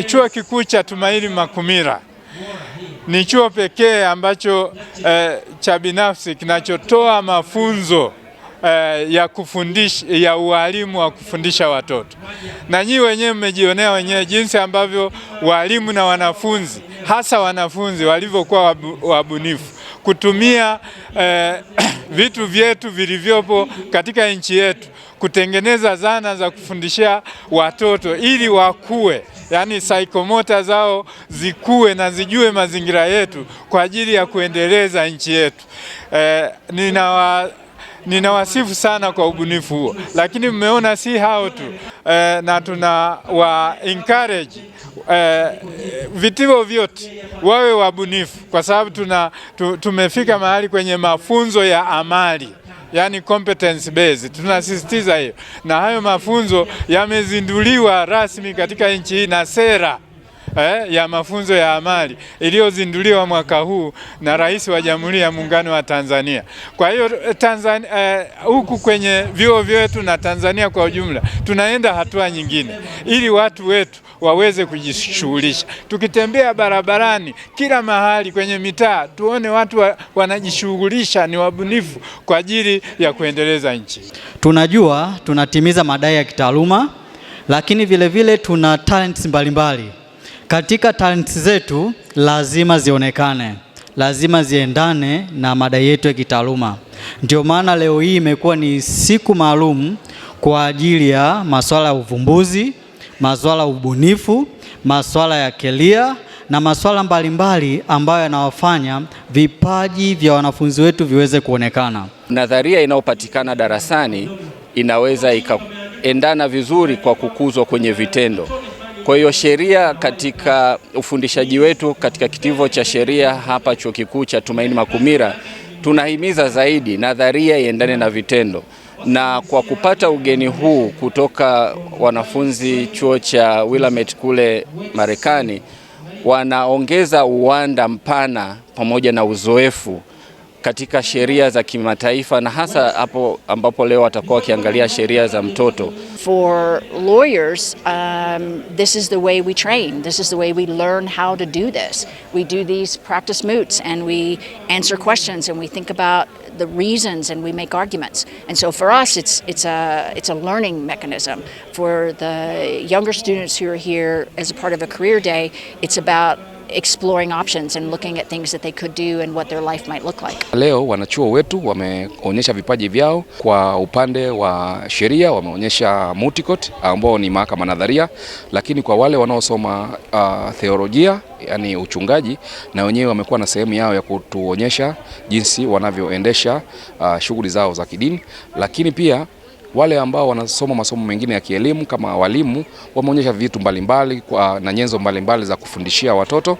Chuo Kikuu cha Tumaini Makumira ni chuo pekee ambacho eh, cha binafsi kinachotoa mafunzo eh, ya kufundisha, ya ualimu wa kufundisha watoto, na nyinyi wenyewe mmejionea wenyewe jinsi ambavyo walimu na wanafunzi, hasa wanafunzi, walivyokuwa wabunifu kutumia eh, vitu vyetu vilivyopo katika nchi yetu kutengeneza zana za kufundishia watoto ili wakue, yani saikomota zao zikue na zijue mazingira yetu kwa ajili ya kuendeleza nchi yetu. E, ninawa ninawasifu sana kwa ubunifu huo, lakini mmeona si hao tu e, na tuna wa encourage e, vitivo vyote wawe wabunifu, kwa sababu tuna tumefika mahali kwenye mafunzo ya amali yani competence based, tunasisitiza hiyo, na hayo mafunzo yamezinduliwa rasmi katika nchi hii na sera eh, ya mafunzo ya amali iliyozinduliwa mwaka huu na Rais wa Jamhuri ya Muungano wa Tanzania. Kwa hiyo eh, Tanzania eh, huku kwenye vyuo vyetu na Tanzania kwa ujumla tunaenda hatua nyingine ili watu wetu waweze kujishughulisha. Tukitembea barabarani, kila mahali kwenye mitaa, tuone watu wa, wanajishughulisha, ni wabunifu kwa ajili ya kuendeleza nchi. Tunajua tunatimiza madai ya kitaaluma, lakini vilevile vile tuna talents mbalimbali mbali katika talenti zetu lazima zionekane, lazima ziendane na mada yetu ya kitaaluma. Ndio maana leo hii imekuwa ni siku maalum kwa ajili ya masuala ya uvumbuzi, masuala ya ubunifu, masuala ya kelia na masuala mbalimbali ambayo yanawafanya vipaji vya wanafunzi wetu viweze kuonekana. Nadharia inayopatikana darasani inaweza ikaendana vizuri kwa kukuzwa kwenye vitendo. Kwa hiyo sheria katika ufundishaji wetu katika kitivo cha sheria hapa Chuo Kikuu cha Tumaini Makumira tunahimiza zaidi nadharia iendane na vitendo, na kwa kupata ugeni huu kutoka wanafunzi chuo cha Willamette kule Marekani, wanaongeza uwanda mpana pamoja na uzoefu katika sheria za kimataifa na hasa hapo ambapo leo watakuwa wakiangalia sheria za mtoto. For lawyers, um, this is the way we train. This is the way we learn how to do this. We do these practice moots and we answer questions and we think about the reasons and we make arguments. And so for us, it's, it's, a, it's a learning mechanism. For the younger students who are here as a part of a career day, it's about exploring options and looking at things that they could do and what their life might look like. Leo wanachuo wetu wameonyesha vipaji vyao kwa upande wa sheria, wameonyesha mutikot ambao ni mahakama nadharia, lakini kwa wale wanaosoma uh, theolojia yani uchungaji na wenyewe wamekuwa na sehemu yao ya kutuonyesha jinsi wanavyoendesha uh, shughuli zao za kidini, lakini pia wale ambao wanasoma masomo mengine ya kielimu kama walimu wameonyesha vitu mbalimbali na nyenzo mbalimbali za kufundishia watoto.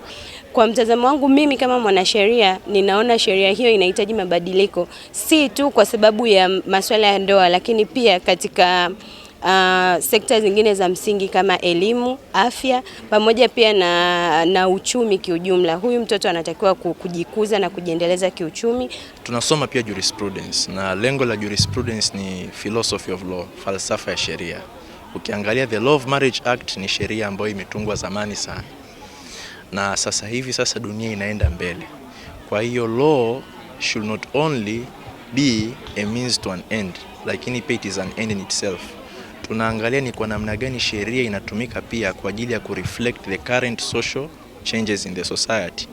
Kwa mtazamo wangu mimi kama mwanasheria, ninaona sheria hiyo inahitaji mabadiliko, si tu kwa sababu ya masuala ya ndoa, lakini pia katika uh, sekta zingine za msingi kama elimu, afya pamoja pia na, na uchumi kiujumla. Huyu mtoto anatakiwa kujikuza na kujiendeleza kiuchumi. Tunasoma pia jurisprudence na lengo la jurisprudence ni philosophy of law, falsafa ya sheria. Ukiangalia the Law of Marriage Act ni sheria ambayo imetungwa zamani sana na sasa hivi sasa dunia inaenda mbele, kwa hiyo law should not only be a means to an end, lakini pia it is an end in itself tunaangalia ni kwa namna gani sheria inatumika pia kwa ajili ya kureflect the current social changes in the society.